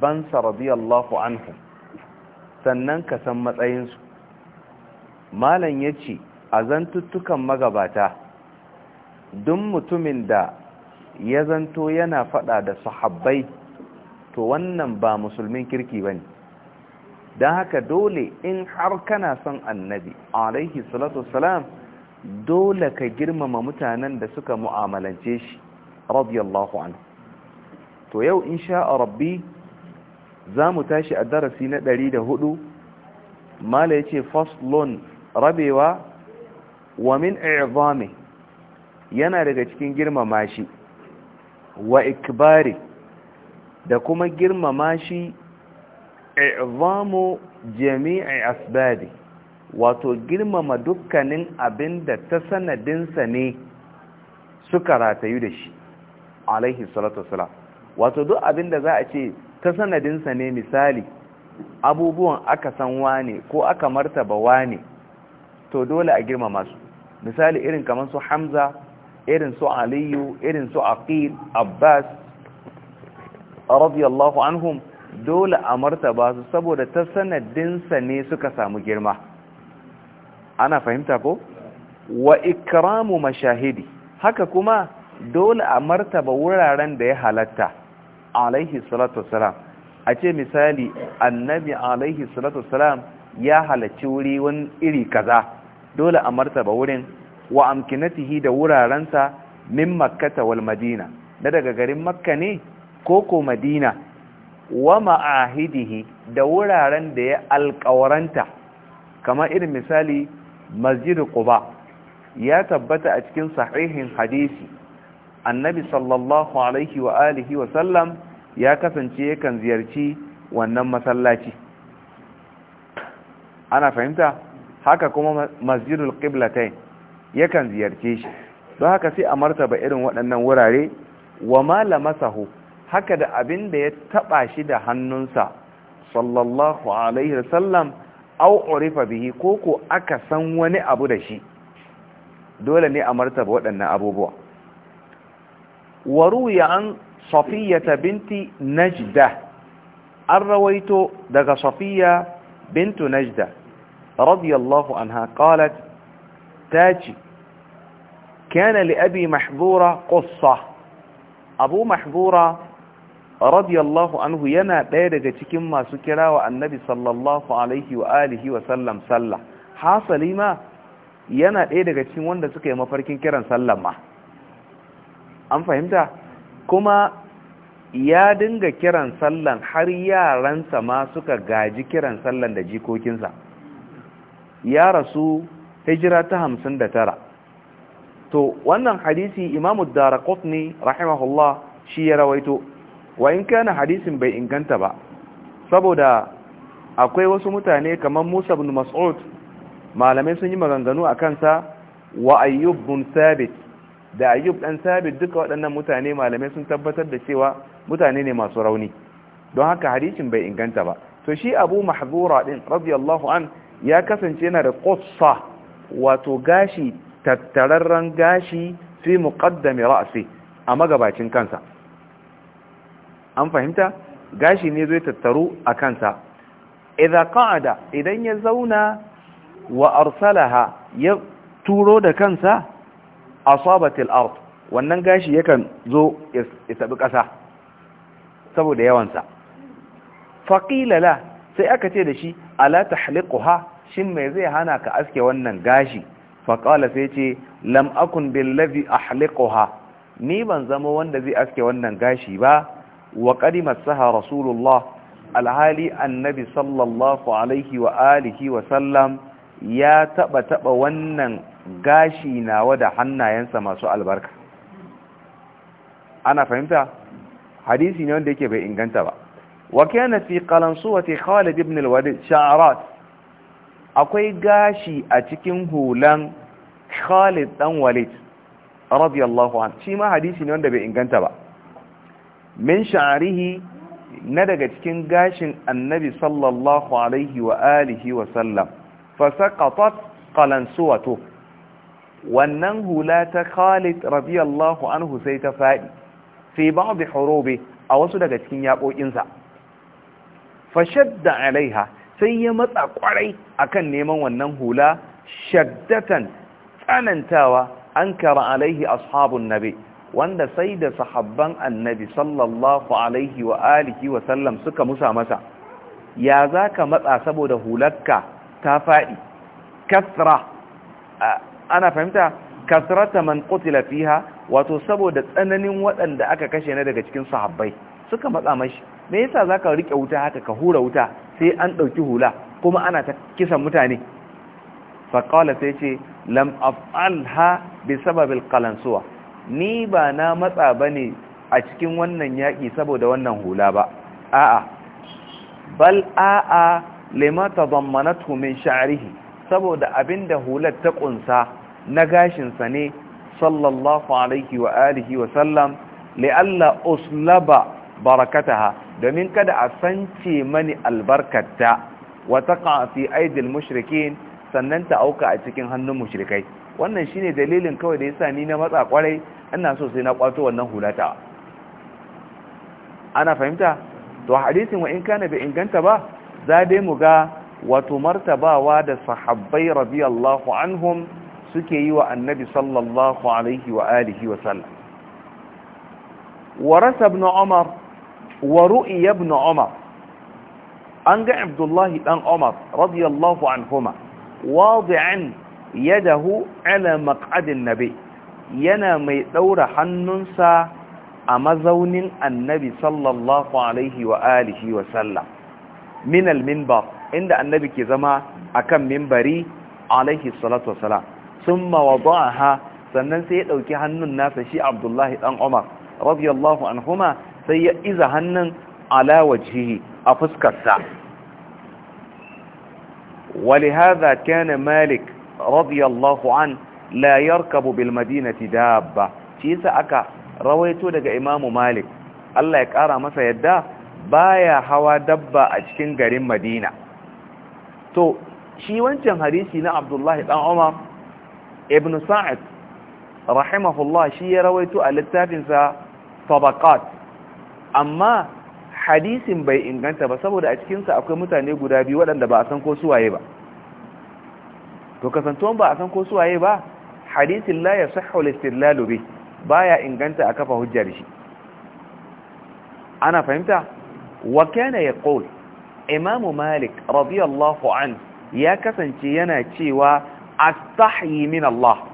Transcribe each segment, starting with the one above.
sahabbansa radiyallahu anhu sannan ka san matsayinsu malam ya ce a zantuttukan magabata duk mutumin da ya zanto yana fada da sahabbai to wannan ba musulmin kirki ba ne don haka dole in har kana son annabi alaihi salatu salam dole ka girmama mutanen da suka mu'amalance shi radiyallahu anhu to yau insha'a rabbi za mu tashi a darasi na ɗari da hudu mala ya ce faslon rabewa wa min irvami yana daga cikin girmama shi wa ikbari da kuma girmama shi irvamo jami'ai asibadi wato girmama dukkanin abin da ta sanadinsa ne suka ratayu da shi alaihi salatu wasalam wato duk abin da za a ce ta sanadinsa ne misali abubuwan aka san wane ko aka martaba wane to dole a girmama su misali irin kamar su hamza irin su aliyu irin su aqil abbas radiyallahu anhum dole a martaba su saboda ta sanadinsa ne suka samu girma ana fahimta ko wa ikramu mashahidi haka kuma dole a martaba wuraren da ya halatta alaihi salatu wasalam a ce misali annabi alaihi salatu wasalam ya halarci wuri wani iri kaza dole a martaba wurin wa amkinatihi da wurarensa min makkata wal madina da daga garin makka ne koko madina wa ma'ahidihi da wuraren da ya alkawaranta kamar irin misali masjid quba ya tabbata a cikin sahihin hadisi annabi sallallahu alaihi wa alihi wa sallam ya kasance yakan ziyarci wannan masallaci ana fahimta haka kuma masjidul qiblatain yakan ziyarce shi don haka sai a martaba irin waɗannan wurare wa malamasahu haka da abin da ya taba shi da hannunsa sallallahu alaihi wa sallam au urifa bihi koko aka san wani abu da shi dole ne a martaba waɗannan abubuwa وروي عن صفية بنت نجدة الرويت دغ صفية بنت نجدة رضي الله عنها قالت تاجي كان لأبي محظورة قصة أبو محظورة رضي الله عنه ينا ديرك تكما سكرا والنبي صلى الله عليه وآله وسلم سلة حاصل ما ينا ديرك تكما سكرا مفركين كرا سلم ما an fahimta kuma ya dinga kiran sallan har yaransa ma suka gaji kiran sallan da jikokinsa ya rasu hijira ta hamsin da tara to wannan hadisi imamu kotni rahimahullah shi ya rawaito wa in kana hadisin bai inganta ba saboda akwai wasu mutane kamar musa bin mas'ud malamai sun yi maganganu a kansa wa ayyub bin sabit da ayyub dan sabit duka waɗannan mutane malamai sun tabbatar da cewa mutane ne masu rauni don haka hadisin bai inganta ba to shi abu mahzura din radiyallahu an ya kasance yana da qussa wato gashi tattararren gashi fi muqaddami ra'si a magabacin kansa an fahimta gashi ne zai tattaru a kansa idza qa'ada idan ya zauna wa arsalaha ya turo da kansa asabatil ard wannan gashi yakan zo ya tabi ƙasa saboda yawansa faƙilala sai aka ce da shi ala tahliquha shin me zai hana ka aske wannan gashi faƙala sai ce lam akun billazi ahliquha ni ban zama wanda zai aske wannan gashi ba wa qadima saha rasulullah alhali annabi sallallahu alaihi wa alihi wa ya taba taba wannan gashi nawa da hannayensa masu albarka ana fahimta hadisi ne wanda yake bai inganta ba wa kana fi qalansuwati Khalid ibn al-Walid sha'rat akwai gashi a cikin hulan Khalid dan Walid radiyallahu anhu shi ma hadisi ne wanda bai inganta ba min sha'rihi na daga cikin gashin annabi sallallahu alaihi wa alihi wa sallam fa saqatat qalansuwatu wannan hula ta Khalid radiyallahu anhu sai ta fadi fi ba'd hurubi a wasu daga cikin yaƙoƙinsa fashadda alaiha sai ya matsa kwarai akan neman wannan hula shaddatan tsanantawa an kara alaihi ashabun nabi wanda sai da sahabban annabi sallallahu alaihi wa alihi wa sallam suka musa masa ya zaka matsa saboda hularka ta faɗi kasra ana fahimta kasrata man qutila fiha wato saboda tsananin waɗanda aka kashe na daga cikin sahabbai suka matsa mashi me yasa zaka rike wuta haka ka hura wuta sai an dauki hula kuma ana ta kisan mutane fa qala sai ce lam af'alha bi sabab alqalansuwa ni ba na matsa bane a cikin wannan yaki saboda wannan hula ba a'a bal a'a lima tadammanathu min sha'rihi saboda abinda hular ta kunsa na gashinsa ne sallallahu alaihi wa alihi wa sallam li'alla uslaba barakataha domin kada a sance mani albarkata wa taqa fi aidil mushrikin sannan ta auka a cikin hannun mushrikai wannan shine dalilin kawai da yasa ni na matsa kwarai ina so sai na kwato wannan hulata ana fahimta to hadisin wa in kana bai inganta ba za dai mu ga wato martabawa da sahabbai radiyallahu anhum suke yi wa annabi sallallahu alaihi wa alihi wa sallam warasa ibn umar wa ru'ya ibn umar an ga abdullahi dan umar radiyallahu anhuma wadi'an yadahu ala maq'adin nabi yana mai daura hannunsa a mazaunin annabi sallallahu alaihi wa alihi wa sallam min al-minbar inda annabi ke zama akan minbari alaihi salatu wassalam sun mawaba ha sannan sai ya ɗauki hannun nasa shi abdullahi ɗan omar radiyallahu an huma sai ya iza hannun alawajihi a fuskarta. wali haza kane malik radiyallahu an layar kabu bilmadinati dabba ci isa aka rawaito daga imamu malik allah ya ƙara masa yadda baya hawa dabba a cikin garin madina to shi wancan harisi na abdullahi ɗan omar ibn sa'ad rahimahullah shi ya rawaito a littafinsa tabaqat amma hadisin bai inganta ba saboda a cikinsa akwai mutane guda biyu waɗanda ba a san ko suwaye ba to kasantuwan ba a san ko suwaye ba hadisin la yasihhu al-istidlalu bi baya inganta a kafa hujjar shi ana fahimta wa kana yaqul imamu malik radiyallahu an ya kasance yana cewa astahyi min Allah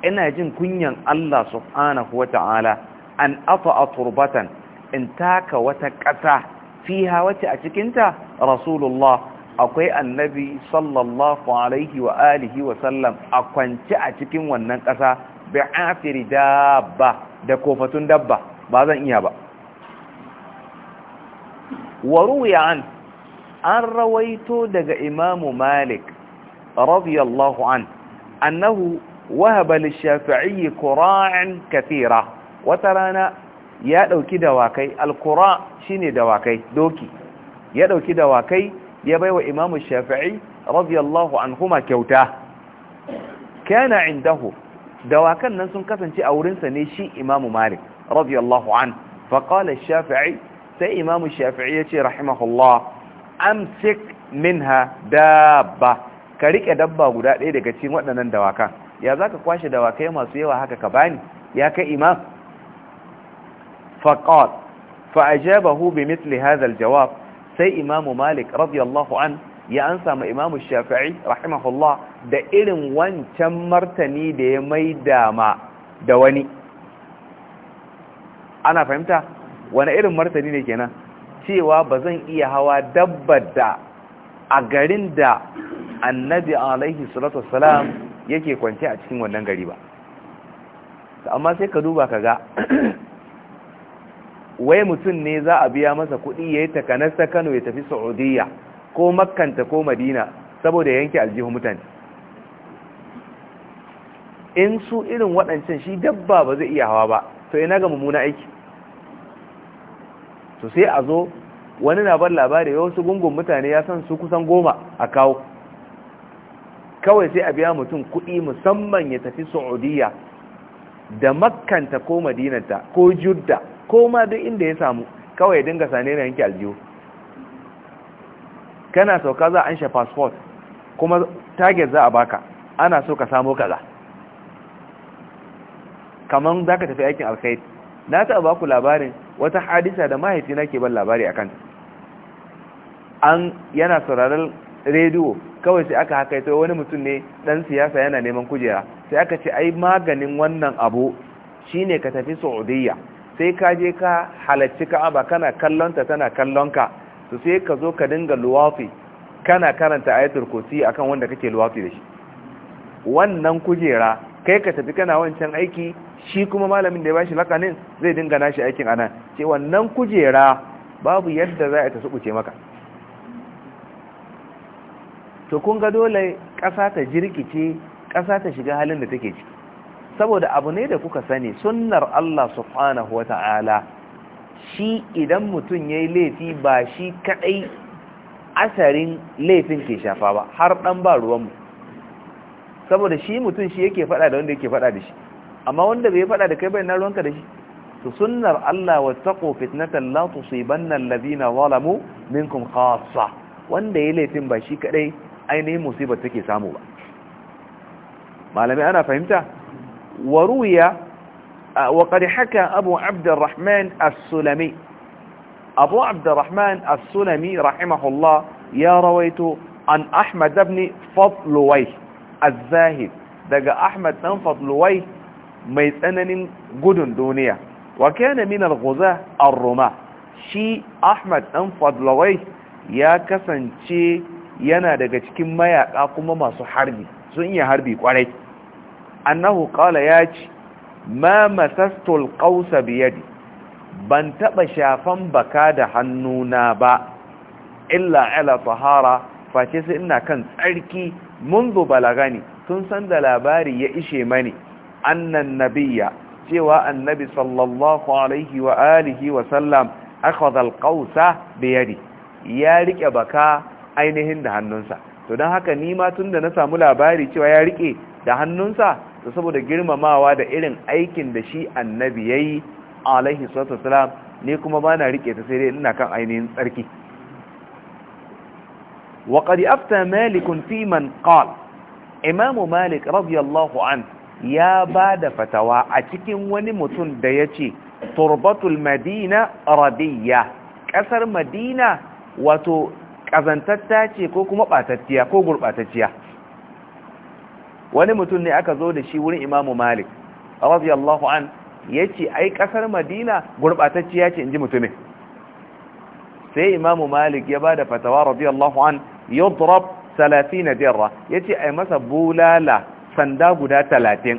ina jin kunyan Allah subhanahu wata'ala an ata'a turbatan in taka wata ƙasa fiha wacce a cikinta rasulullah akwai annabi sallallahu alaihi wa alihi wa sallam a kwance a cikin wannan ƙasa bi afiri dabba da kofatun dabba ba zan iya ba wa ruwiya an an rawaito daga imamu malik رضي الله عنه أنه وهب للشافعي قراعا كثيرة ya ɗauki dawakai alkura shine dawakai doki ya ɗauki dawakai ya baiwa imamu shafi'i radiyallahu anhuma kyauta kana indahu dawakan nan sun kasance a wurinsa ne shi imamu malik radiyallahu an faƙala shafi'i sai imamu shafi'i ya ce rahimahullah amsik minha dabba ka rike dabba guda ɗaya daga cikin waɗannan dawakan ya za ka kwashe dawakai masu yawa haka ka bani ya kai imam faƙal fa'ajabahu bi misli hazal jawab sai imamu malik radiyallahu an ya ansa ma imamu shafi'i rahimahullah da irin wancan martani da ya maida ma da wani ana fahimta wani irin martani ne kenan cewa ba zan iya hawa dabba da a garin da annabi alaihi salatu wassalam yake kwance a cikin wannan gari ba amma sai ka duba ka ga wai mutum ne za a biya masa kuɗi ya yi takanasta kano ya tafi saudiya ko makanta ko madina saboda yanke aljihun mutane in su irin waɗancan shi dabba ba zai iya hawa ba to ina ga mummuna aiki to sai a zo wani na bar labari wasu gungun mutane ya san su kusan goma a kawo kawai sai a biya mutum kuɗi musamman ya tafi saudiya da makanta ko madinanta ko judda ko ma duk inda ya samu kawai dinga sane na yanki aljiyo kana sauka za a anshe passport kuma target za a baka ana so ka samo kaza Kamar za ka tafi aikin alkhairi na ba baku labarin wata hadisa da mahaifina ke ban labari a kanta an yana sauraron rediyo kawai sai aka haka ita wani mutum ne dan siyasa yana neman kujera sai aka ce ai maganin wannan abu shine ka tafi saudiya sai ka je ka halarci ka'aba kana kallonta tana kallonka to sai ka zo ka dinga luwafi kana karanta ayatul kursi akan wanda kake luwafi da shi wannan kujera kai ka tafi kana wancan aiki shi kuma malamin da ya bashi lakanin zai dinga nashi aikin anan ce wannan kujera babu yadda za a ta maka to kun ga dole ƙasa ta jirkice ƙasa ta shiga halin da take ci. saboda abu ne da kuka sani sunnar Allah subhanahu wa ta'ala shi idan mutum ya yi laifi ba shi kaɗai asarin laifin ke shafa ba har ɗan ba ruwanmu saboda shi mutum shi yake faɗa da wanda yake faɗa da shi amma wanda bai faɗa da kai bai na ruwanka da shi to sunnar Allah wa taqu fitnatan la tusibanna alladhina zalamu minkum khassa wanda ya laifin ba shi kadai ainihin musibar take samu ba malami ana fahimta wa ruya wa qad haka abu abdurrahman as-sulami abu abdurrahman as-sulami rahimahullah ya rawaitu an ahmad ibn fadluwai az-zahid daga ahmad dan fadluwai mai tsananin gudun duniya wa kana min al-ghuza ar-ruma shi ahmad dan fadluwai ya kasance yana daga cikin mayaka kuma masu harbi sun iya harbi kwarai annahu qala ya ce ma masastul qausa biyadi ban taba shafan baka da hannuna ba illa ala tahara face sai ina kan tsarki منذ بلغني tun san da labari ya ishe mani annan nabiyya cewa annabi sallallahu alaihi wa wa sallam akhadha alqausa ya rike baka ainihin da hannunsa to don haka ni ma tun da na samu labari cewa ya rike da hannunsa to saboda girmamawa da irin aikin da shi annabi ya yi alaihi sallam kuma ba na rike ta sai dai ina kan ainihin tsarki wa qad afta malikun fi man imamu malik radiyallahu an ya ba da fatawa a cikin wani mutum da ya ce turbatul madina radiyya ƙasar madina wato ƙazantatta ce ko kuma ɓatacciya ko gurɓatacciya wani mutum ne aka zo da shi wurin imamu malik radiyallahu an ya ce ai ƙasar madina gurɓatacciya ce in ji mutumin sai imamu malik ya ba da fatawa radiyallahu an yudrab 30 dirra ya ce ai masa bulala sanda guda 30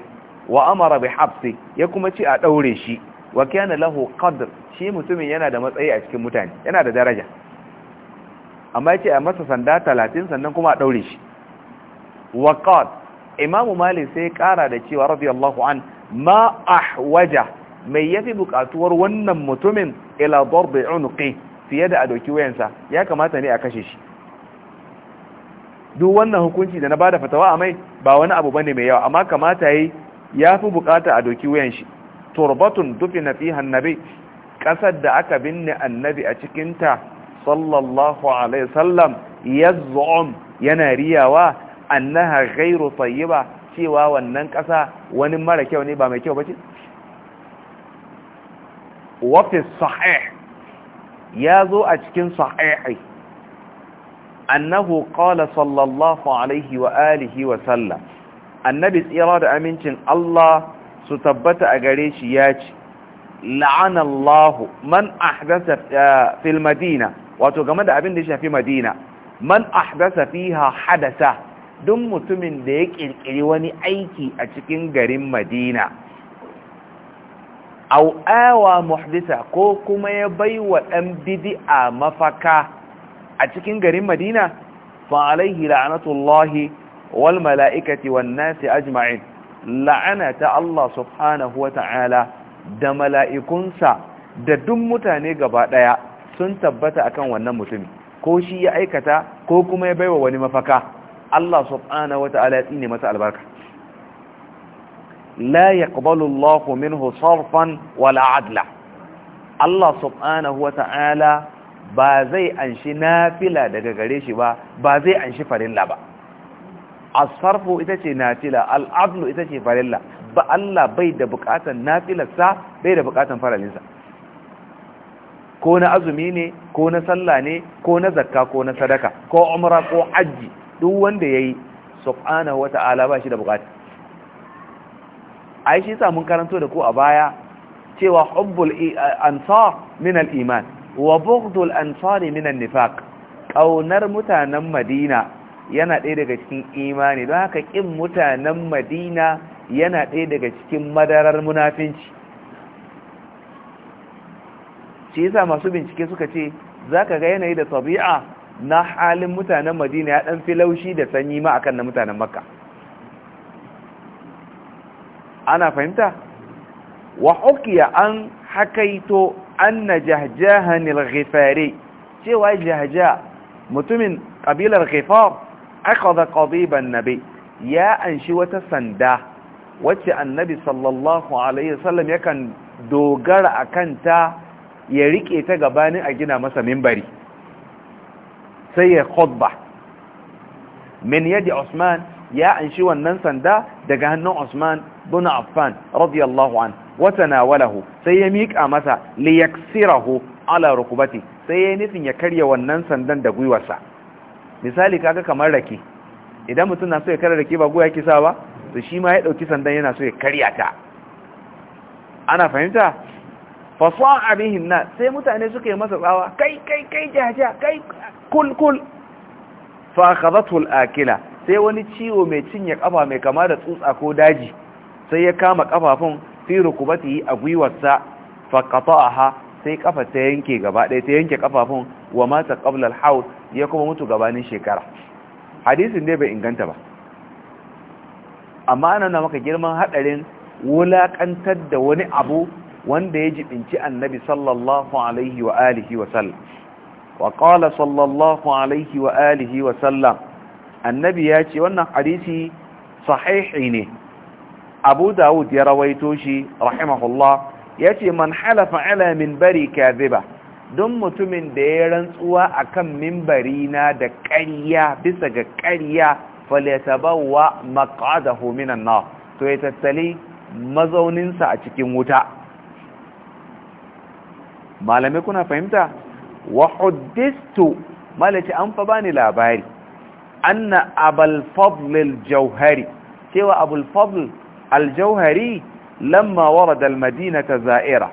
wa amara bi habsi ya kuma ce a ɗaure shi wa lahu qadr shi mutumin yana da matsayi a cikin mutane yana da daraja amma yace a masa sanda talatin sannan kuma a ɗaure shi waqad imamu malik sai kara da cewa radiyallahu an ma waja mai yafi buƙatuwar wannan mutumin ila darbi unqi fiye da a doki wayansa ya kamata ne a kashe shi duk wannan hukunci da na bada fatawa a mai ba wani abu bane mai yawa amma kamata yi fi bukata a doki wayan shi turbatun na fi hannabi kasar da aka binne annabi a cikinta sallallahu alaihi sallam ya yaz'um yana riyawa annaha ghairu tayyiba cewa wannan ƙasa wani mara kyau ne ba mai kyau bace wa fi sahih ya zo a cikin sahihi annahu qala sallallahu alaihi wa alihi wa sallam annabi tsira da amincin Allah su tabbata a gare shi ya ci la'anallahu man ahdasa eh, fil madina wato game da abin da ya shafi madina man ahdasa fiha hadasa duk mutumin da ya kirkiri wani aiki a cikin garin madina au awa muhdisa ko kuma ya baiwa dan bidi'a mafaka a cikin garin madina fa alaihi la'natullahi wal mala'ikati wan nasi ajma'in la'ana ta Allah subhanahu wa ta'ala da mala'ikunsa da duk mutane gaba ɗaya sun tabbata akan wannan mutum ko shi ya aikata ko kuma ya baiwa wani mafaka Allah wa Ta'ala ya tsine masa albarka la yaqbalu Allahu minhu sarfan wala adla Allah subhanahu Ta'ala ba zai anshi nafila daga gare shi ba ba zai anshi farilla ba asarfu ita ce nafila al'adlu ita ce farilla ba Allah bai da bukatan nafilarsa bai da bukatan faralinsa ko na azumi ne ko na sallah ne ko na zakka ko na sadaka ko umra ko hajji duk wanda yayi subhanahu wata'ala ba shi da bukata ai shi sa mun karanto da ku a baya cewa hubbul ansar min al-iman wa bughdul ansar min an-nifaq kaunar mutanen madina yana ɗaya daga cikin imani don haka ƙin mutanen madina yana ɗaya daga cikin madarar munafinci shi yasa masu bincike suka ce zaka ga yanayi da tabi'a na halin mutanen Madina ya dan filaushi da sanyi ma akan na mutanen Makka ana fahimta wa hukiya an hakaito anna jahjahan al-ghifari cewa jahja mutumin kabilar ghifar akhadha qadiban nabi ya anshi wata sanda wacce annabi sallallahu alaihi wasallam yakan dogara akanta ya rike ta gabanin a gina masa mimbari sai ya khutba min yadi Usman ya anshi wannan sanda daga hannun Usman bin Affan radiyallahu an wa tanawalahu sai ya miƙa masa li yaksirahu ala rukubati sai ya nufin ya karya wannan sandan da gwiwarsa misali kaga kamar rake idan mutum na so ya karya rake ba goya kisa ba to shi ma ya dauki sandan yana so ya karya ta ana fahimta fasa'a abin na sai mutane suka yi masa tsawa kai kai kai jaja kai kul kul fa akhadhatul akila sai wani ciwo mai cinye kafa mai kama da tsutsa ko daji sai ya kama kafafun fi rukubatihi a gwiwarsa fa qata'aha sai kafa ta yanke gaba ɗaya ta yanke kafafun wa mata qabla al ya kuma mutu gabanin shekara hadisin dai bai inganta ba amma anan na maka girman hadarin wulakantar da wani abu wanda ya jibinci annabi sallallahu alaihi wa alihi wa sallam wa qala sallallahu alaihi wa alihi wa sallam annabi ya ce wannan hadisi sahihi ne abu da'ud ya rawaito shi rahimahullah ya ce man halafa ala minbari kadhiba don mutumin da ya rantsuwa akan minbari na da ƙarya bisa ga ƙarya falyatabawa maqadahu minan nar to ya tattali mazauninsa a cikin wuta malamai kuna fahimta wa huddistu malaci an fa bani labari anna abul fadl al-jauhari cewa abul fadl al-jauhari lamma warada al-madina za'ira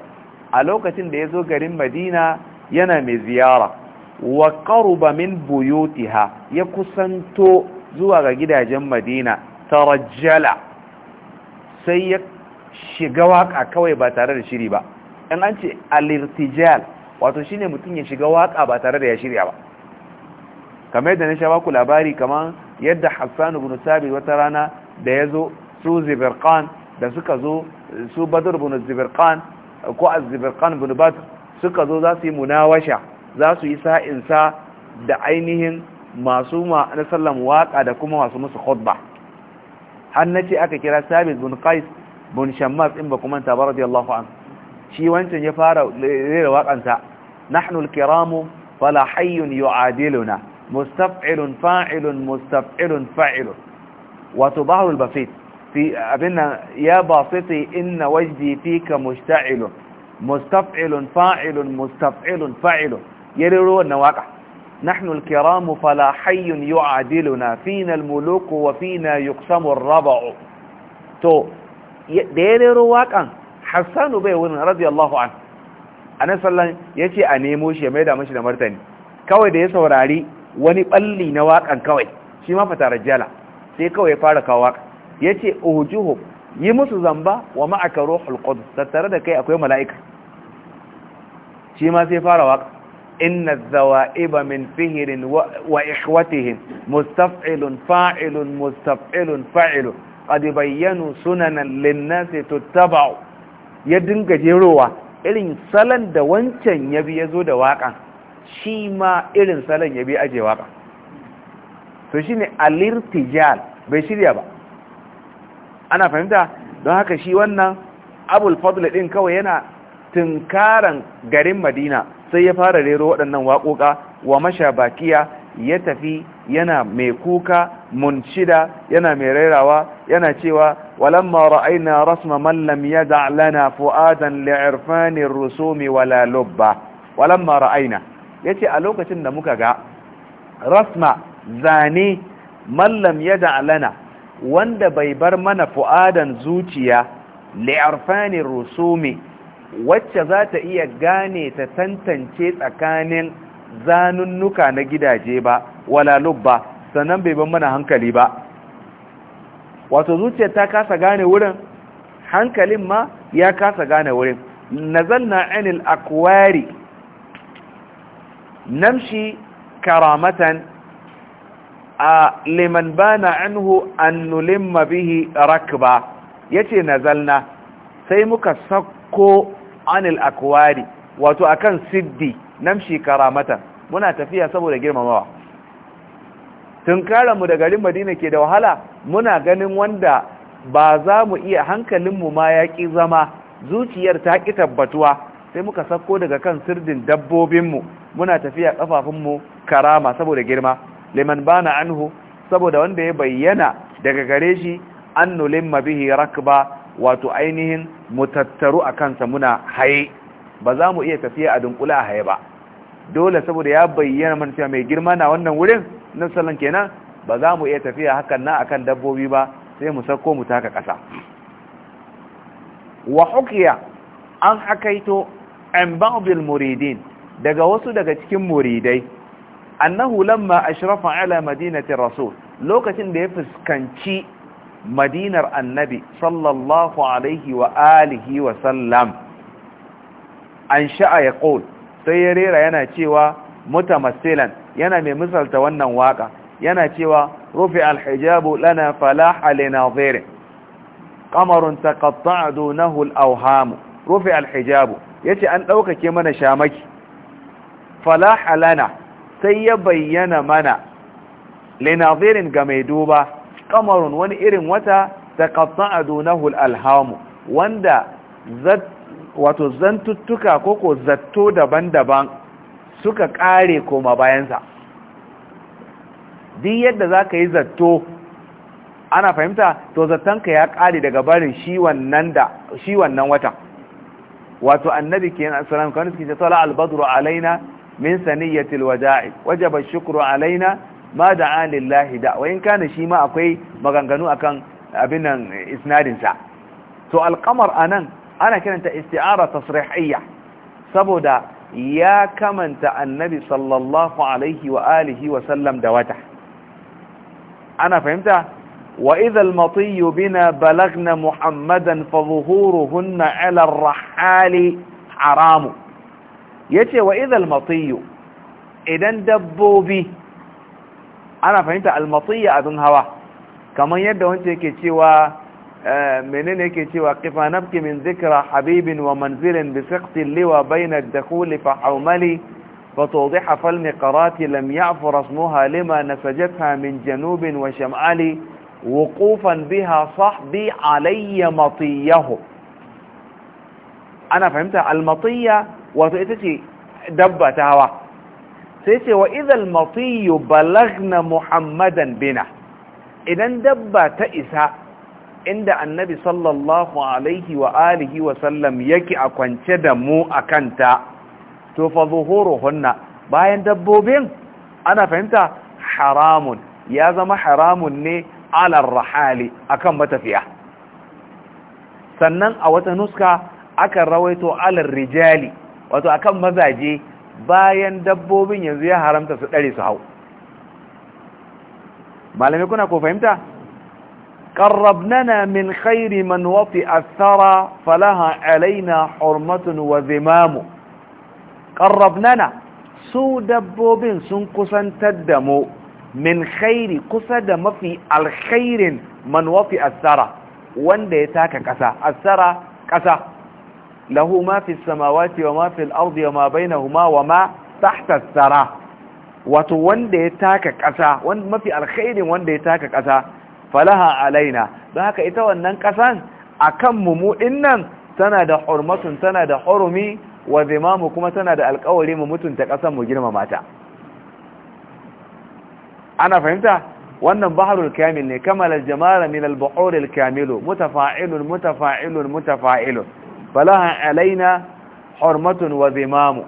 a lokacin da yazo garin madina yana mai ziyara wa qaruba min buyutiha ya kusanto zuwa ga gidajen madina tarajjala sai ya shiga waka kawai ba tare da shiri ba in an ce alirtijal wato shine mutum ya shiga waka ba tare da ya shirya ba kamar yadda na shabaku labari kamar yadda hassan ibn sabi wata rana da ya zo su zibirkan da suka zo su badar ibn zibirkan ko azibirkan ibn badr suka zo za su yi munawasha za su yi sa'insa da ainihin masu na waka da kuma masu musu khutba har ce aka kira sabit bin qais bin shammas in ba kuma ta radiyallahu anhu shi wancan ya fara rera waƙansa nahnu alkiramu fala hayyun yu'adiluna mustaf'ilun fa'ilun mustaf'ilun fa'ilun wato bahru albasit fi abinna ya basiti inna wajdi fika mushta'ilun mustaf'ilun fa'ilun mustaf'ilun fa'ilun ya rero wannan waƙa نحن الكرام فلا حي يعادلنا فينا الملوك وفينا يقسم الربع تو ديروا واقعا hassanu bai wurin radiyallahu an anan sallan ya ce a nemo shi ya maida da mashi da martani kawai da ya saurari wani balli na wakan kawai shi ma fata rajala sai kawai ya fara kawo waka ya ce uhujuhu yi musu zamba wa ma'aka ruhul qudus tattare da kai akwai mala'ika shi ma sai fara waka inna zawa'iba min fihirin wa ikhwatihim mustaf'ilun fa'ilun mustaf'ilun fa'ilun qad bayyanu sunanan lin-nasi tuttaba'u ya dinga jerowa irin salon da wancan ya bi ya zo da waƙan shi ma irin salon ya bi aje waƙa to shi ne alirtijal bai shirya ba ana fahimta don haka shi wannan abul fadl ɗin kawai yana tunkaran garin madina sai ya fara rero waɗannan waƙoƙa wa mashabakiya ya tafi yana mai kuka munshida yana mai rairawa yana cewa walamma ra'ayna rasma man lam yada' fu'adan li'irfani rusumi wala lubba walamma ra'ayna yace a lokacin da muka ga rasma zane mallam lam yada' wanda bai bar mana fu'adan zuciya li'irfani rusumi wacce za ta iya gane ta tantance tsakanin zanunnuka na gidaje ba wala lubba sannan bai ban mana hankali ba wato zuciyar ta kasa gane wurin hankalin ma ya kasa gane wurin nazalna anil akwari namshi karamatan a liman bana anhu an nulimma bihi rakba yace nazalna sai muka sakko anil akwari wato akan siddi namshi karamata muna tafiya saboda girmamawa tunkaran mu da garin Madina ke da wahala muna ganin wanda ba za mu iya hankalin mu ma yaki zama zuciyar ta ki tabbatuwa sai muka sako daga kan sirdin dabbobinmu muna tafiya kafafun mu karama saboda girma liman bana anhu saboda wanda ya bayyana daga gare shi an nulimma bihi rakba wato ainihin mutattaru a kansa muna haye ba za mu iya tafiya a dunkula a haye ba dole saboda ya bayyana mana cewa mai girma na wannan wurin nan sallan kenan ba za mu iya tafiya hakan na akan dabbobi ba sai mu sako mu taka ƙasa wa hukiya an hakaito an muridin daga wasu daga cikin muridai annahu lamma ashrafa ala madinati rasul lokacin da ya fuskanci madinar annabi sallallahu alaihi wa alihi wa sallam an sha'a ya ƙol sai ya rera yana cewa masilan yana mai misalta wannan waka yana cewa rufe alhijabu lana falaha lina zirin kamarun taqatta'a dunahu al-awham rufe alhijabu ce an ɗaukake mana shamaki falaha lana sai ya bayyana mana lina zirin ga mai duba kamarun wani irin wata taqatta'a dunahu al-alham wanda zat wato zantuttuka ko ko zatto daban-daban suka kare koma bayansa Din yadda za ka yi zatto ana fahimta to ka ya kare daga barin shi wannan wata wato annabi ke yana salam kan suke ce tala albadru alaina min saniyatil wada'i wajaba shukru alaina ma da'a lillahi da wa in kana shi ma akwai maganganu akan abin nan isnadinsa sa to alqamar anan ana kiranta isti'ara tasrihiyya saboda ya kamanta annabi sallallahu alaihi wa alihi wa sallam da wata ana fahimta wa idha al bina balagna muhammadan fa zuhuruhunna ala ar haramu yace wa idha al idan dabbobi ana fahimta al-matiy abin hawa kamar yadda wanda yake cewa آه، منين هيك توقف kifa من min حبيب ومنزل بسقط اللوى بين الدخول فحوملي فتوضح فالمقرات لم يعفر اسمها لما نسجتها من جنوب وشمال وقوفا بها صحبي علي مطيه انا فهمتها المطيه وتاتي دبه هوا سيسي واذا المطي بلغنا محمدا بنا اذا دبه تئسا inda annabi sallallahu alaihi wa alihi wa sallam yake a kwance da mu a kanta to fa zuhuruhunna bayan dabbobin ana fahimta haramun ya zama haramun ne alar rahali akan matafiya sannan a wata nuska aka rawaito alar rijali wato akan mazaje bayan dabbobin yanzu ya haramta su dare su hau malamai kuna ko fahimta قربننا من خير من وطئ الثرى فلها علينا حرمة وذمام قربننا سو دبوبين سنقصا تدمو من خير قصد ما في الخير من وطئ الثرى وان ديتاك كسا الثرى كسا له ما في السماوات وما في الأرض وما بينهما وما تحت الثرى وتو وان ديتاك كسا وان ما في الخير وان ديتاك كسا falaha alaina don haka ita wannan ƙasan a kan mu nan tana da hurmatun tana da hurumi wa zimamu kuma tana da alkawari mu mutunta ƙasan mu girmama ta ana fahimta wannan baharul kamil ne kamala jamala min al-buhur al-kamil mutafa'ilun mutafa'ilun mutafa'ilun falaha alaina hurmatun wa zimamu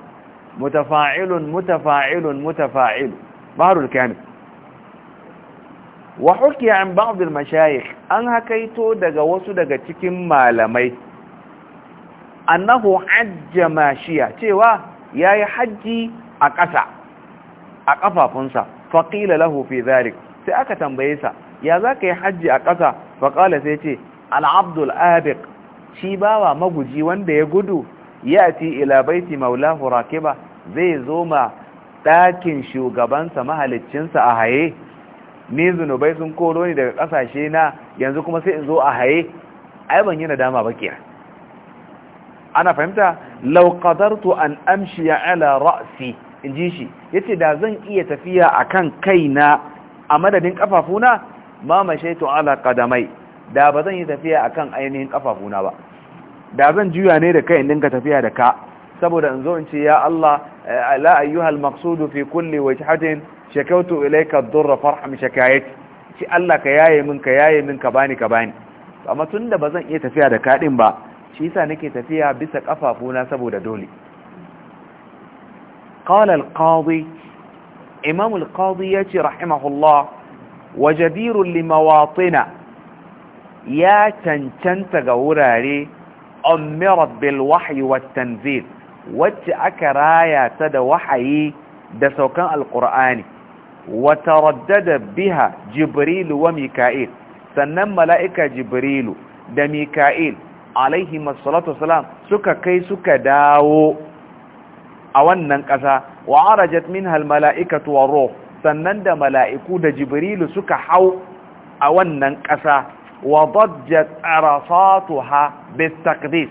mutafa'ilun mutafa'ilun mutafa'il baharul kamil wa hukiya an ba'dul mashayikh an hakaito daga wasu daga cikin malamai annahu hajja mashiya cewa yayi haji a ƙasa a kafafunsa faqila lahu fi dhalik sai aka tambaye sa ya zaka yi haji a ƙasa qala sai ce al-abdul abiq shi bawa maguji wanda ya gudu yati ila baiti maulahu rakiba zai zo ma ɗakin shugabansa mahaliccinsa a haye ni zunubai sun koro ni daga kasashe na yanzu kuma sai in zo a haye ai ban yi nadama ba kiyar ana fahimta law qadartu an amshi ala ra'si inji shi yace da zan iya tafiya akan kaina a madadin kafafuna ma mashaitu ala qadamai da ba zan yi tafiya akan ainihin kafafuna ba da zan juya ne da kai in dinga tafiya da ka saboda in zo in ce ya Allah eh, la ayyuhal maqsudu fi kulli wajhatin shakautu ilaika durra farham shakayati ci Allah ka yaye min ka yaye min ka bani ka bani amma tunda bazan iya tafiya da kadin ba shi yasa nake tafiya bisa kafafuna saboda dole qala al-qadi imam al-qadi yace rahimahullah wajadir limawatina ya cancanta ga wurare umirat bil wahyi wat tanzil wacce aka raya ta da wahayi da saukan alqur'ani wa taraddada biha jibril wa mika'il sannan mala'ika jibrilu da mika'il alaihi suka kai suka dawo a wannan ƙasa wa arajat minhal mala'ikatu war ruh sannan da mala'iku da jibrilu suka hau a wannan ƙasa wa dajjat arasatuha bitaqdis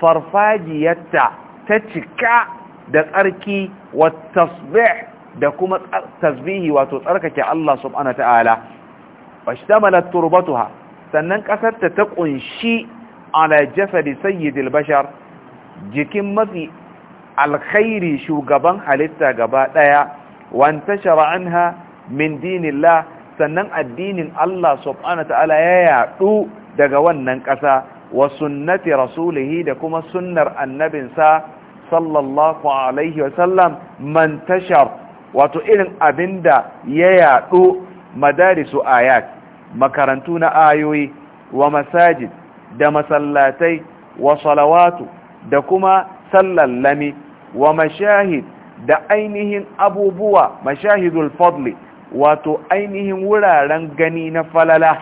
farfajiyarta ta cika da tsarki wa tasbih da kuma tasbihi wato tsarkake Allah subhanahu ta'ala washtamalat turbatuha sannan kasar ta ta kunshi ala jasadi sayyidil bashar jikin mafi alkhairi shugaban halitta gaba daya wantashara anha min dinillah sannan addinin Allah subhanahu ta'ala ya yadu daga wannan kasa wa sunnati rasulihi da kuma sunnar annabinsa sallallahu alaihi wa sallam man tashar wato irin abin da ya yaɗo madarisu ayat makarantu na ayoyi wa masajid da masallatai wa salawatu da kuma sallallami wa mashahid da ainihin abubuwa mashahidul fadli wato ainihin wuraren gani na falala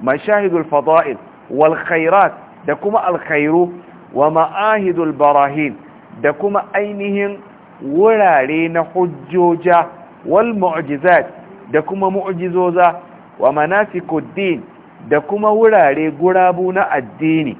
mashahidul fada'il wal khairat da kuma alkhairu wa ma'ahidul barahin da kuma ainihin wurare na hujjoja wal mu'jizat da kuma mu'jizoza wa manasikuddin da kuma wurare gurabu na addini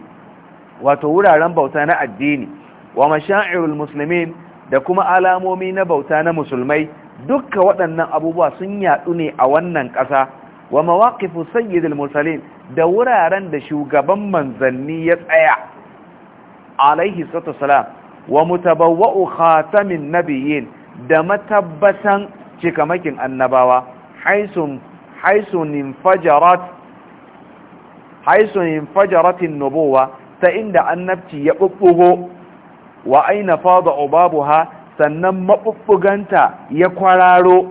wato wuraren bauta na addini wa mashairul muslimin da kuma alamomi na bauta na musulmai dukka waɗannan abubuwa sun yaɗu ne a wannan ƙasa wa mawaqifu sayyidul mursalin da wuraren da shugaban manzanni ya tsaya alaihi salatu wa mutabawwa'u khatamin nabiyyin da matabbatan cikamakin annabawa haisun haisun infajarat haisun infajaratin nubuwa ta inda annabci ya bubbugo wa aina fada ubabuha sannan mabubbuganta ya kwararo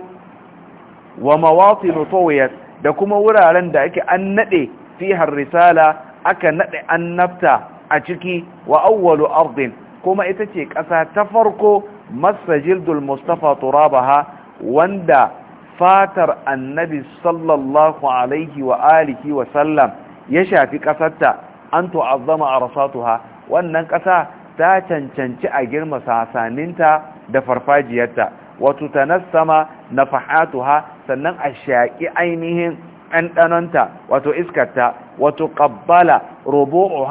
wa mawatinu tawiyat da kuma wuraren da ake an nade fi har risala aka nade annabta a ciki wa awwalu ardin kuma ita ce ƙasa ta farko masajildul mustafa turabaha wanda fatar annabi sallallahu alaihi wa alihi wa sallam ya shafi ƙasarta an tu'azzama arsatuha wannan ƙasa ta cancanci a girma sasaninta da farfajiyarta wato tanassama nafahatuha sannan a shaƙi ainihin ɗanɗanonta wato iskarta wato ƙabbala robo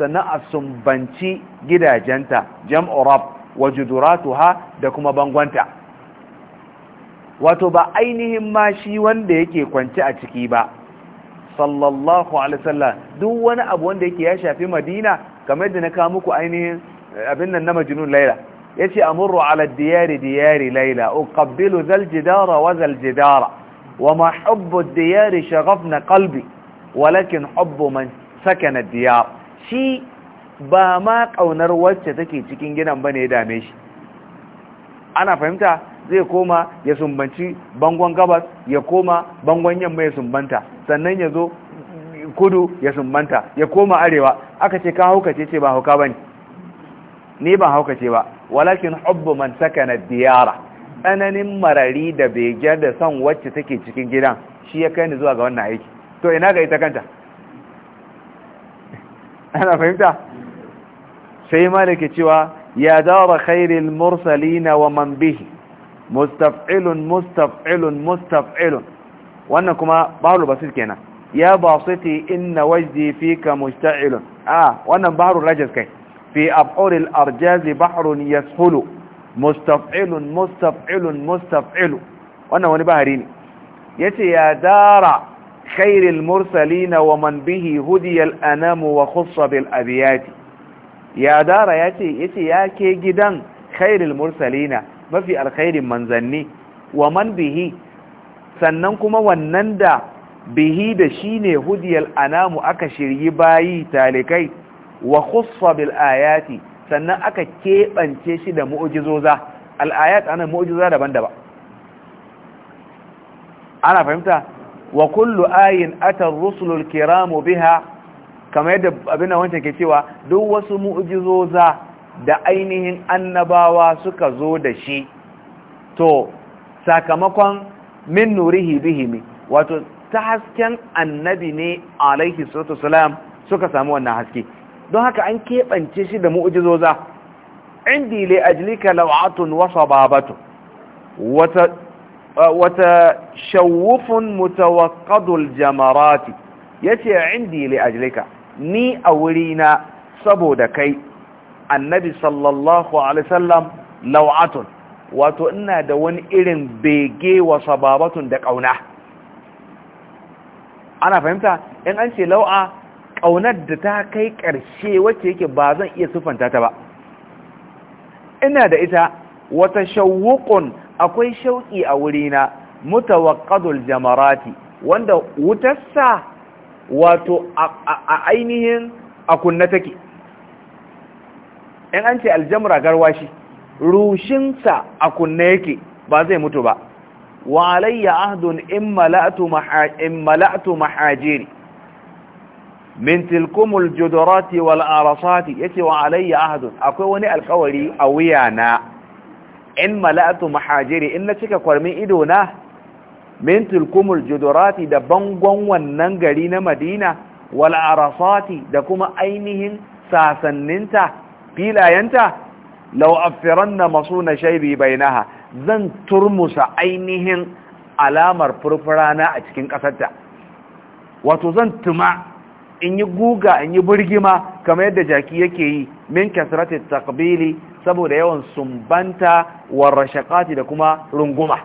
sannan a sumbanci gidajenta jam'u rab wa juduratuha da kuma bangonta wato ba ainihin ma shi wanda yake kwance a ciki ba sallallahu alaihi wasallam duk wani abu wanda yake ya shafi madina kamar da na kawo muku ainihin eh, abin nan na majnun laila yace amuru ala diyari diyari laila uqabbilu zal jidara wa zal jidara wa ma hubbu diyari shaghafna qalbi walakin hubbu man sakana diya shi ba ma ƙaunar wacce take cikin gidan ne ya dame shi ana fahimta zai koma ya sumbanci bangon gabas ya koma bangon yamma ya sumbanta sannan ya zo kudu ya sumbanta ya koma arewa aka ce ka haukace ce ba hauka ne ni ba haukace ba walakin hubbu man sakana diyara tsananin marari da begen da son wacce take cikin gidan shi ya kai ni zuwa ga wannan aiki to ina ga ita kanta ana fahimta sai malike cewa ya dawara khairil mursalina wa man bihi mustaf'ilun mustaf'ilun mustaf'ilun wannan kuma bahrul basit kenan ya basiti inna wajdi fika musta'ilun ah wannan bahrul rajas kai fi ab'uril arjaz bahrun yashulu mustaf'ilun mustaf'ilun mustaf'ilu wannan wani bahari ne yace ya dara خير Mursalina ومن به هدي الانام وخص بالابيات يا دار ياتي ياتي يا كي جدان خير المرسلين ما في الخير من ظني ومن sannan kuma wannan da bihi da shi ne hudiyar anamu aka shiryi bayi talikai wa khusfa bil ayati sannan aka keɓance shi da mu'ujizoza al'ayat ana mu'ujizoza daban-daban ana fahimta wa kullu ayin ata rusulul kiramu biha kamar yadda abin da wancan ke cewa duk wasu mu'jizoza da ainihin annabawa suka zo da shi to sakamakon min nurihi bihimi wato ta hasken annabi ne alaihi salatu wasalam suka samu wannan haske don haka an keɓance shi da mu'jizoza indi li ajlika law'atun wa sababatu wata Wata watashawufun mutawaqqadul jamarati yace indi li ajlika ni a wurina saboda kai annabi sallallahu alaihi wasallam wato ina da wani irin bege wa sababatun da kauna ana fahimta in an ce lau'a kaunar da ta kai karshe wacce yake ba zan iya sufanta ta ba ina da ita wata shawukun akwai shauƙi a wurina mutawaqqadul jamarati wanda wutarsa wato a ainihin a kunna take in an ce aljamra garwashi rushinsa a kunna yake ba zai mutu ba wa alayya ahdun in mala'tu mahajiri min tilkumul judurati wal arasati yace wa alayya ahdun akwai wani alkawari a wuyana in mala'atu mahajiri in na cika kwarmin ido na min tulkumul judurati da bangon wannan gari na madina wal arasati da kuma ainihin sasanninta filayenta law affiranna masuna shaybi bainaha zan turmusa ainihin alamar furfurana a cikin kasarta wato zan tuma in yi guga in yi burgima kamar yadda jaki yake yi min kasratit takbili. saboda yawan sumbanta wa rashaqati da kuma runguma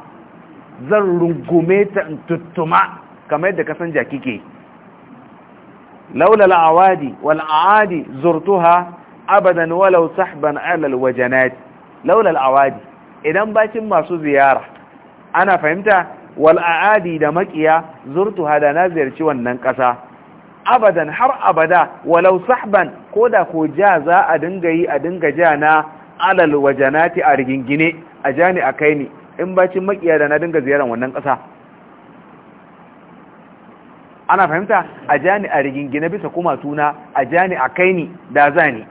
zan rungume ta tuttuma kamar yadda ka san jaki ke laula Awadi wal aadi zurtuha abadan walau sahban ala alwajanat laula Awadi, idan bakin masu ziyara ana fahimta wal aadi da makiya zurtuha da na ziyarci wannan kasa abadan har abada walau sahban ko da ko ja za a dinga yi a dinga ja na alal wajanati a rigingine a jani a kai ni in bacin makiya da na dinga ziyara wannan ƙasa ana fahimta a jani a rigingine bisa kuma tuna a jani a kai ni da zani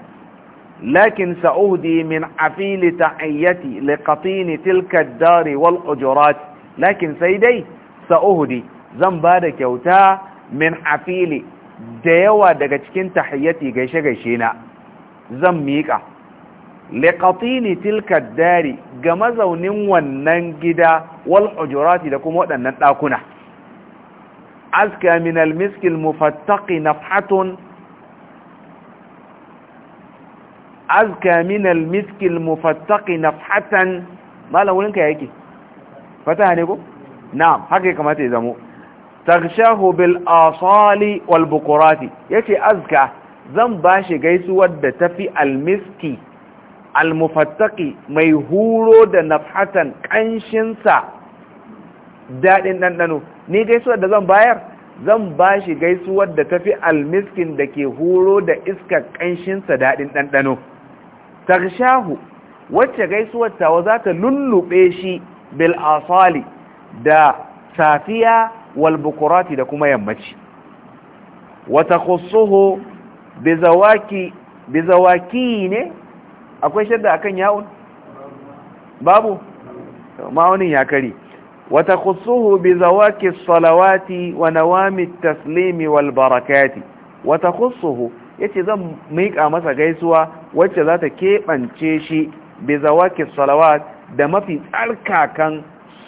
lakin sa'udi min afili ta'iyyati liqatini tilka ad wal ujurat lakin sai dai sa'udi zan ba da kyauta min afili da yawa daga cikin tahiyyati gaishe gaishe na zan miƙa liqatili tilka dari ga mazaunin wannan gida wal da kuma waɗannan ɗakuna aska min azka min almiski almufattaqi nafhatan malan wurinka yake ne haka ya kamata ya zamo tagshahu bil asali wal bukurati yace azka zan bashi gaisuwar da tafi almiski almufattaki mai huro da nafhatan ƙanshinsa daɗin ɗanɗano ni gaisuwar da zan bayar zan ba shi gaisuwar da tafi almiskin da ke huro da iskar ƙanshinsa daɗin ɗanɗano tarshahu wacce gaisuwar tawa za ta lullube shi bil asali da safiya wal bukurati da kuma yammaci wata kusuhu bizawaki ne akwai shadda akan yawon babu ma'aunin ya kare wata kusuhu bi zawaki salawati wa nawami taslimi wal barakati wata ya yace zan miƙa masa gaisuwa wacce za ta keɓance shi bi zawaki salawat da mafi tsarkakan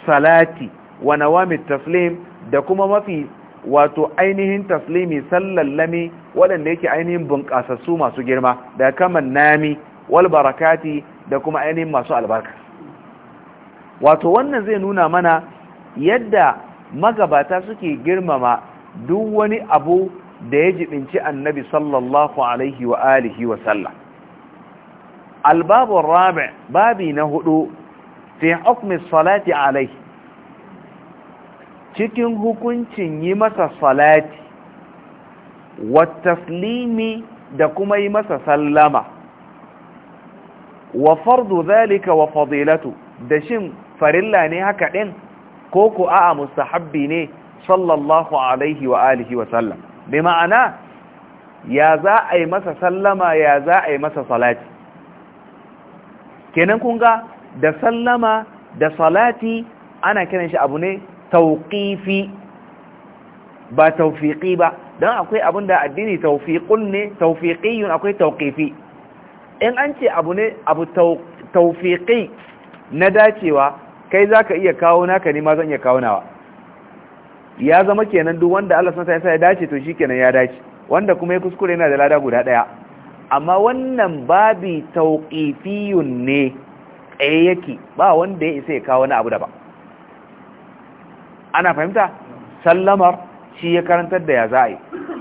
salati wa nawami taslim da kuma mafi wato ainihin taslimi sallallami waɗanda yake ainihin bunƙasassu masu girma da kaman nami wal barakati da kuma ainihin masu albarka wato wannan zai nuna mana yadda magabata suke girmama duk wani abu da ya jibinci annabi sallallahu alaihi wa alihi wa sallam albabun rabi babi na hudu fi hukmin salati alaihi cikin hukuncin yi masa salati wa taslimi da kuma yi masa sallama wa fardu zalika wa fadilatu da shin farilla ne haka din ko ku a'a mustahabbi ne sallallahu alaihi wa alihi wa sallam bi ma'ana ya za a yi masa sallama ya za a yi masa salati kenan kun ga da sallama da salati ana kiran shi abu ne tauqifi ba taufiqi ba don akwai abin da addini taufiqun ne taufiqiyun akwai tauqifi in an ce abu ne abu taufiƙi na dacewa kai za ka iya kawo naka ne ma zan iya kawo nawa ya zama kenan duk wanda Allah sanata ya sa ya dace to shi kenan ya dace wanda kuma ya kuskure yana da lada guda ɗaya amma wannan babi tauƙifiyun ne tsaye yake ba wanda ya isa ya kawo wani abu da ba ana fahimta sallamar shi ya karantar da ya za yi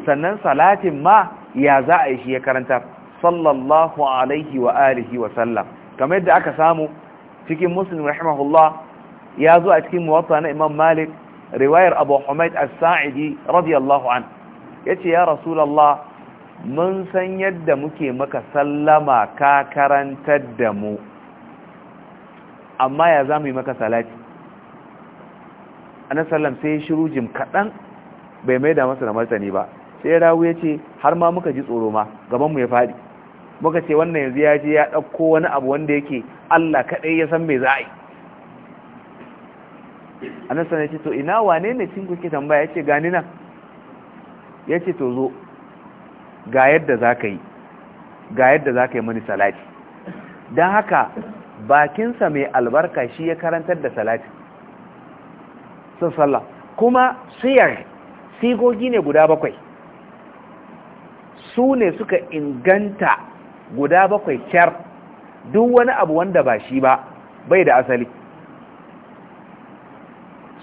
sannan salatin ma ya za a yi shi ya karantar sallallahu alaihi wa alihi wa sallam kamar yadda aka samu cikin muslim rahimahullah ya zo a cikin muwatta na imam malik riwayar abu humaid as-sa'idi radiyallahu an yace ya rasulullah mun san yadda muke maka sallama ka karantar da mu amma ya zamu maka salati annabi sallam sai shiru jim kadan bai mai da masa da martani ba sai rawu yace har ma muka ji tsoro ma gaban mu ya fadi muka ce wannan yanzu ya je ya ɗauko wani abu wanda yake Allah kaɗai ya san mai za a yi annan sana ce to ina wane ne cin kuke tambaya ya ce gani nan ya ce to zo ga yadda za ka yi ga yadda za ka yi mani salati don haka bakinsa mai albarka shi ya karantar da salati sun salla kuma siyar sigogi ne guda bakwai su ne suka inganta guda bakwai kyar duk wani abu wanda ba shi ba bai da asali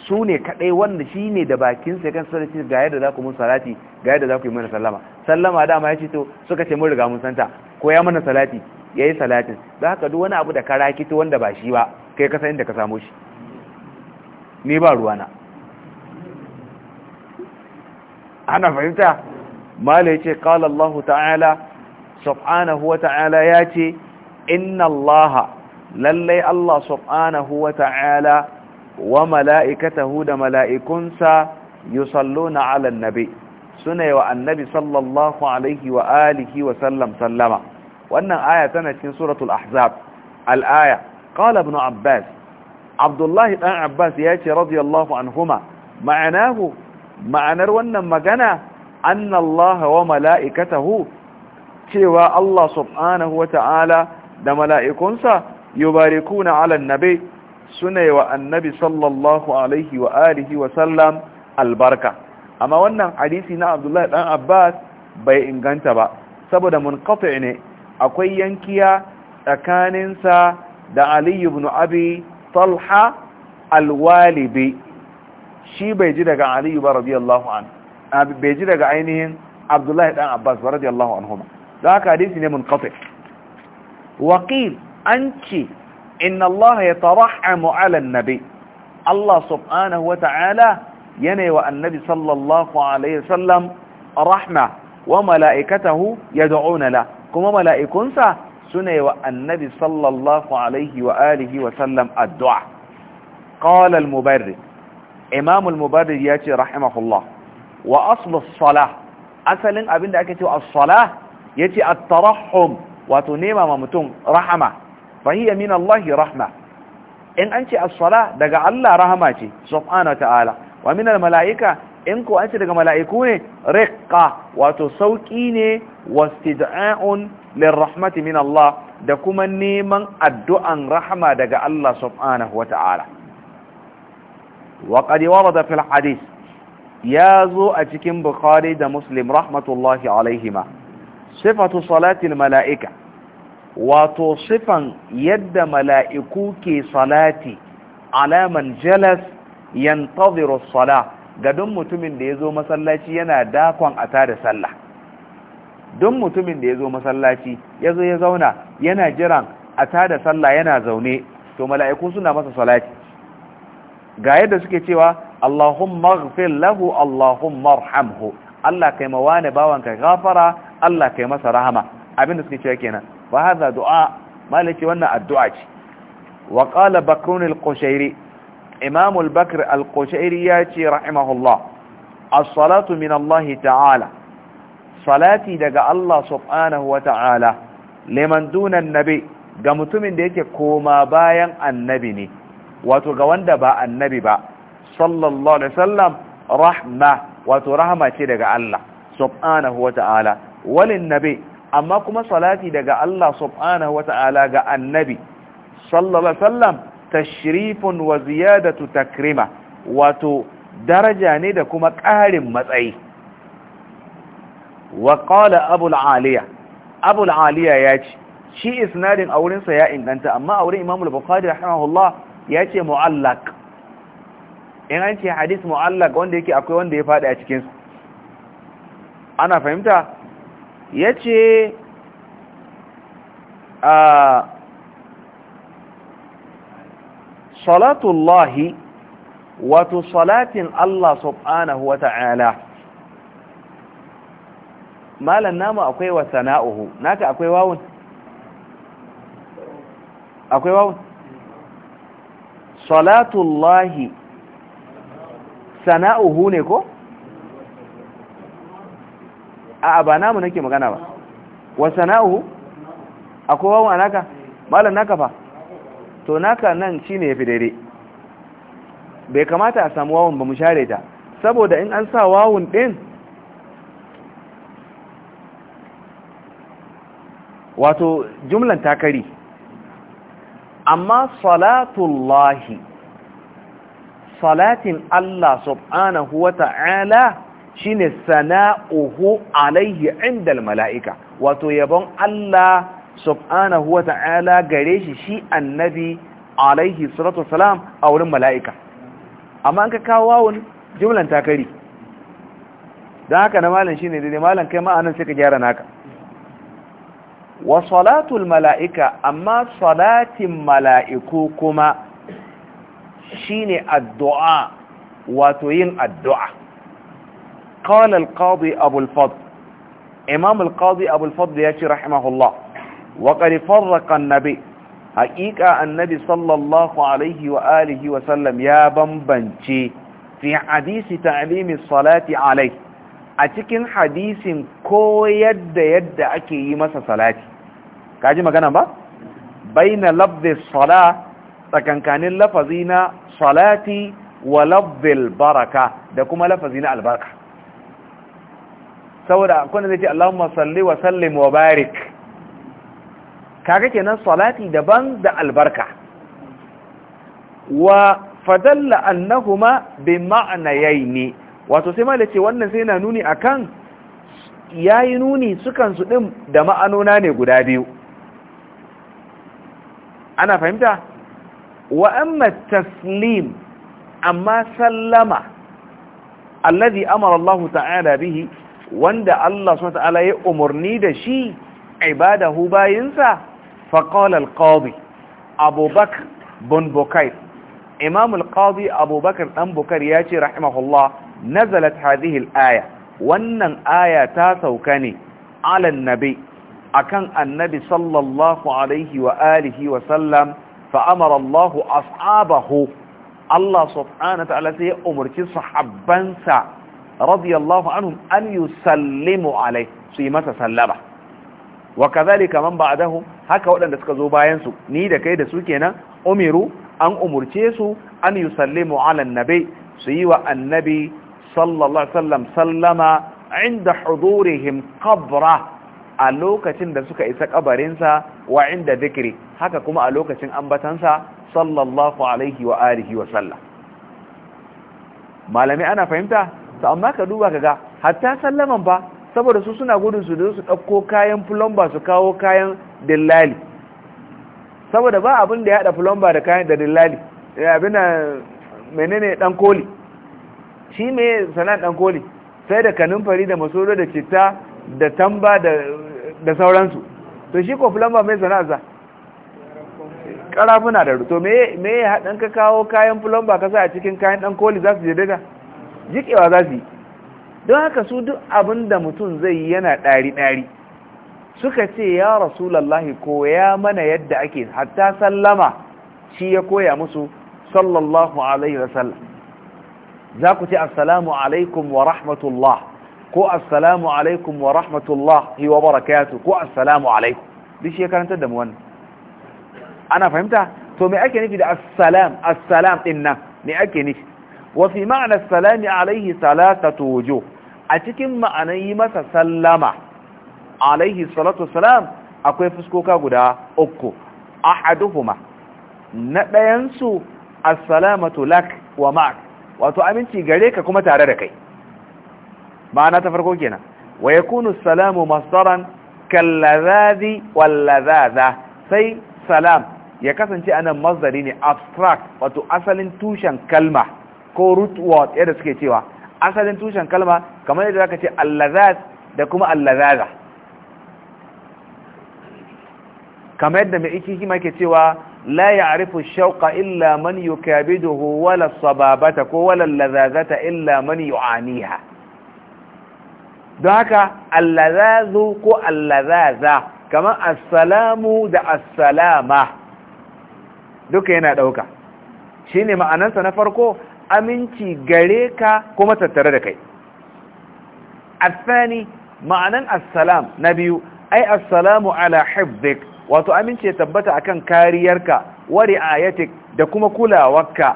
su ne kaɗai wanda shi ne da bakinsa ya kan da ga yadda za ku mun salati ga yadda za ku yi mana sallama sallama dama ya ce to suka ce mun riga mun santa ko ya mana salati ya yi salatin da haka duk wani abu da ka rakito wanda ba shi ba kai ka kasa inda ka samo shi ni ba ruwana ana fahimta mala ya ce kala allahu ta'ala subhanahu wa ta'ala ya ce inna allaha lallai Allah subhanahu wa ta'ala wa mala'ikatahu da mala'ikunsa yusalluna ala annabi suna yi wa annabi sallallahu alaihi wa alihi wa sallam sallama wannan aya tana cikin suratul ahzab al-aya qala ibn abbas abdullahi dan abbas ya ce radiyallahu anhuma ma'anahu ma'anar wannan magana anna allaha wa mala'ikatahu cewa Allah subhanahu wa ta'ala da mala'ikunsa yubarikuna na annabi suna yi wa annabi sallallahu alaihi wa alihi wa sallam albarka amma wannan hadisi na Abdullahi dan Abbas bai inganta ba saboda munqati ne akwai yankiya tsakaninsa da Aliyu ibn Abi Talha alwalibi. shi bai ji daga Ali ba radiyallahu an bai ji daga ainihin Abdullahi dan Abbas radiyallahu anhu da haka hadisi ne munqati waqil an ce inna Allah ya tarahamu ala annabi Allah subhanahu wa ta'ala yana wa annabi sallallahu alaihi wasallam rahma wa mala'ikatahu yad'una la kuma mala'ikunsa suna wa annabi sallallahu alaihi wa alihi wa sallam addu'a qala al-mubarrid imam al-mubarrid yace rahimahullah wa aslu as-salah asalin abinda ake cewa as-salah yace at-tarahhum wato nema ma mutum rahama fa hiya min Allah rahma in an ce as daga Allah rahama ce subhanahu ta'ala wa min al-mala'ika in ko an ce daga mala'iku ne riqqa wato sauki ne wastid'a'un lirrahmati min Allah da kuma neman addu'an rahama daga Allah subhanahu wa ta'ala. warada fil hadis ya zo a cikin Bukhari da Muslim rahmatullahi alaihima sifatu salatil mala'ika wato sifan yadda mala'iku ke salati alaman jalas yantaziru sala ga don mutumin da ya zo masallaci yana dakon a tada sallah don mutumin da ya zo masallaci ya zo ya zauna yana jiran a tada sallah yana zaune to mala'iku suna masa salati ga yadda suke cewa Allahumma ghfir lahu Allahumma arhamhu Allah kai mawane bawanka gafara Allah kai masa rahama abinda suke cewa kenan wa hadha du'a malaki wannan addu'a ce wa qala bakrun al-qushairi imam al-bakr al-qushairi ya ce rahimahullah as-salatu min Allah ta'ala salati daga Allah subhanahu wa ta'ala liman duna nabi ga mutumin da yake koma bayan annabi ne wato ga wanda ba annabi ba sallallahu alaihi wasallam rahma wato rahama ce daga Allah subhanahu wa ta'ala walin nabi amma kuma salati daga Allah subhanahu ta'ala ga annabi sallallahu sallam tashrifun wa ziyadatu takrima wato daraja ne da kuma ƙarin matsayi wa qala abul aliya abul aliya ya ce shi isnadin a wurinsa ya inganta amma a wurin imamul bukhari rahimahullah ya ce mu'allaq in an ce hadis mu'allak wanda yake akwai wanda ya faɗi a cikinsu ana fahimta ya ce a salatullahi wato salatin Allah subhanahu wa ta'ala malan namu akwai wa sana'uhu naka akwai wawun akwai wawun salatullahi sana'uhu ne ko? a'a ba namu nake magana ba wa sana'u akwai wawan naka malam naka fa to naka nan shine yafi daidai bai kamata a samu wawan ba mu share ta saboda in an sa wawun din wato jumlan takari amma salatullahi salatin Allah subhanahu wa ta'ala shine sana'uhu alaihi indal mala'ika wato yabon Allah subhanahu wata'ala gare shi shi annabi alaihi salatu salam a wurin mala'ika amma an ka kawo wawun jimlan takari don haka na malam shine daidai malam kai ma'anin sai ka gyara naka wa salatul mala'ika amma salatin mala'iku kuma shine addu'a wato yin addu'a قال القاضي أبو الفضل إمام القاضي أبو الفضل ياتي رحمه الله وقد فرق النبي حقيقة النبي صلى الله عليه وآله وسلم يا بمبنشي في حديث تعليم الصلاة عليه أتكن حديث كو يد يد أكي مسا صلاة كاجي مكانا با بين لفظ الصلاة تكن كان اللفظين صلاتي ولفظ البركة دكما لفظين البركة saboda akwai zai ce Allahumma salli wa sallim wa barik kaga kenan salati daban da albarka wa fadalla annahuma bi ma'nayaini wato sai malace wannan sai na nuni akan yayi nuni sukan su din da ma'anona ne guda biyu ana fahimta wa amma taslim amma sallama alladhi Amarallahu Allah ta'ala bihi wanda Allah subhanahu ya umarni da shi ibadahu bayinsa fa qala al-qadi abubakar bin bukair imam al abubakar dan bukair ya ce rahimahullah nazalat hadhihi aya wannan aya ta sauka ne ala nabi akan annabi sallallahu alaihi wa alihi wa sallam fa amara Allah ashabahu Allah subhanahu ta'ala sai ya umarci sahabbansa radiyallahu anhum an yusallimu alai su masa sallama wa kazalika man ba'dahu haka waɗanda suka zo bayansu ni da kai da su kenan umiru an umurce su an yusallimu ala annabi su wa annabi sallama inda hudurihim qabra a lokacin da suka isa kabarinsa wa inda zikri haka kuma a lokacin ambatansa sallallahu alaihi wa wa sallam malami ana fahimta to amma ka duba kaga hatta sallaman ba saboda su suna gudun su da su ɗauko kayan fulamba su kawo kayan dillali saboda ba abin da ya haɗa fulamba da kayan da dillali eh, abin da menene ɗan koli shi me sana'ar ɗan koli sai da kanunfari da masoro da citta da tamba da sauransu to shi ko fulamba mai za karafuna da ruto me ya haɗin ka kawo kayan fulamba ka sa a cikin kayan ɗan koli za su je daga jikewa za su yi don haka su duk abin da mutum zai yi yana ɗari-ɗari suka ce ya rasulallahi koya mana yadda ake hatta sallama shi ya koya musu sallallahu alaihi wasallam za ku ce assalamu alaikum wa rahmatullah ko assalamu alaikum wa rahmatullahi wa barakatu ko assalamu alaikum duk shi ya karanta da mu wannan ana fahimta to me ake nufi da assalam assalam din nan me ake nufi Wafi ma'anar ma'ana salami alaihi salatatu a cikin ma'anar yi masa sallama alaihi salatu salam akwai fuskoka guda uku ahaduhuma na ɗayansu assalamatu lak wa ma'ak wato aminci gare ka kuma tare da kai ma'ana ta farko kenan wa yakunu salamu masdaran kallazadi wallazaza sai salam ya kasance anan mazari ne abstract wato asalin tushen kalma ko root yadda suke cewa asalin tushen kalma kamar yadda zaka ce da kuma allazaza kamar yadda mai ikiki ma ke cewa la ya'rifu shauqa illa man yukabiduhu wala sababata ko wala allazazata illa man yu'aniha don haka allazazu ko allazaza kamar assalamu da assalama duka yana dauka shine ma'anarsa na farko aminci gare ka kuma tattare da kai asani ma'anan assalam na biyu ai assalamu ala hifzik wato aminci ya tabbata akan kariyarka wa ri'ayatik da kuma kulawarka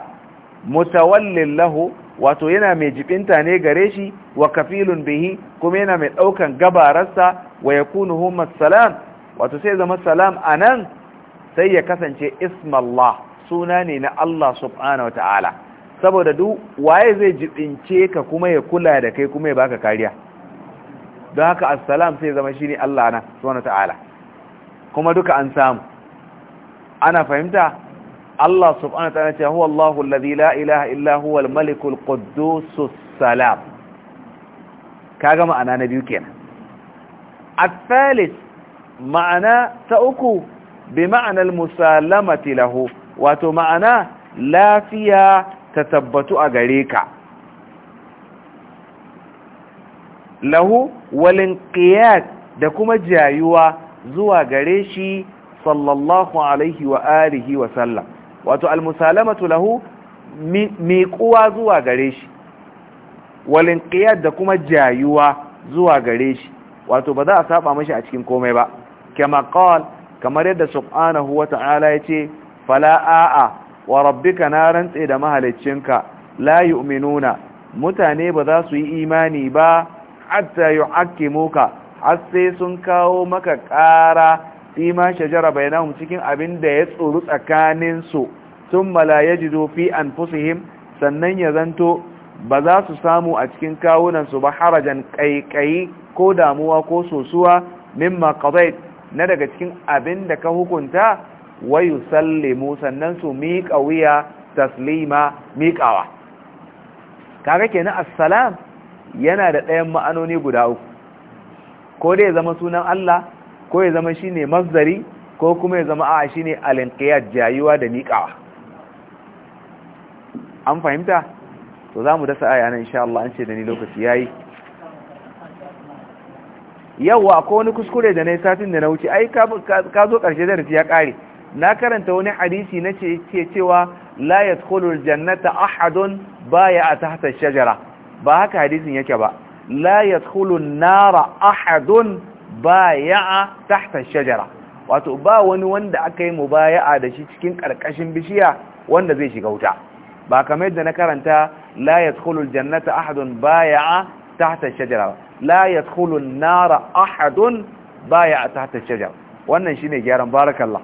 mutawallin lahu wato yana mai jibinta ne gare shi wa kafilun bihi kuma yana mai daukan gabararsa wa kunu huma salam wato sai zama salam anan sai ya kasance ismallah suna ne na Allah subhanahu ta'ala. saboda duk waye zai jibince ka kuma ya kula da kai kuma ya baka kariya don haka assalam sai zama shine Allah na subhanahu ta'ala kuma duka an samu ana fahimta Allah subhanahu ta'ala ce huwa Allahu alladhi la ilaha illa huwa al-maliku al-quddus salam kaga ma'ana na biyu kenan al-thalith ma'ana ta uku bi ma'ana al-musalamati lahu wato ma'ana lafiya ta tabbatu a gare ka lahu walin da kuma jayuwa zuwa gare shi sallallahu alaihi wa arihi wa sallam wato almusalamatu lahu miƙuwa zuwa gare shi walin da kuma jayuwa zuwa gare shi wato ba za a saba mashi a cikin komai ba kama kawal kamar yadda subhanahu ya ya fala a'a wa rabbika na rantse da mahaliccinka la yu'minuna mutane ba za su yi imani ba hatta yu'akkimuka har sai sun kawo maka ƙara fi ma shajara bainahum cikin abin da ya tsoro tsakanin su thumma la an fi anfusihim sannan ya zanto ba za su samu a cikin kawunan su ba harajan ƙaiƙayi ko damuwa ko sosuwa mimma qadait na daga cikin abin da ka hukunta wa yusallimu sannan su miƙa wuya taslima miƙawa kaga kenan assalam yana da ɗayan ma'anoni guda uku ko dai zama sunan Allah ko ya zama shine mazdari ko kuma ya zama a shine alinqiyat jayuwa da miƙawa an fahimta to zamu dasa aya nan insha Allah an ce da ni lokaci yayi yawa ko wani kuskure da na yi satin da na wuce ai ka zo ƙarshe da rufi ya kare na karanta wani hadisi na ce ke cewa la yadkhulul jannata ahadun baya tahta shajara ba haka hadisin yake ba la yadkhulun nara ahadun baya tahta shajara wato ba wani wanda aka yi mubaya'a da shi cikin karkashin bishiya wanda zai shiga wuta ba kamar yadda na karanta la yadkhulul jannata ahadun baya tahta shajara la yadkhulun nara ahadun baya tahta shajara wannan shine gyaran barakallah